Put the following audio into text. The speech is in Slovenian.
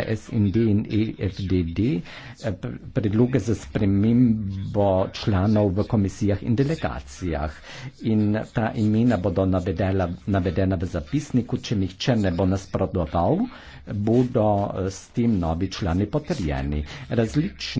skupine SND in EFDD eh, predloge za spremembo članov v komisijah in delegacijah. In ta imena bodo navedela, navedena v zapisniku, če nihče ne bo nasprotoval, bodo eh, s tem novi člani potrjeni. Različni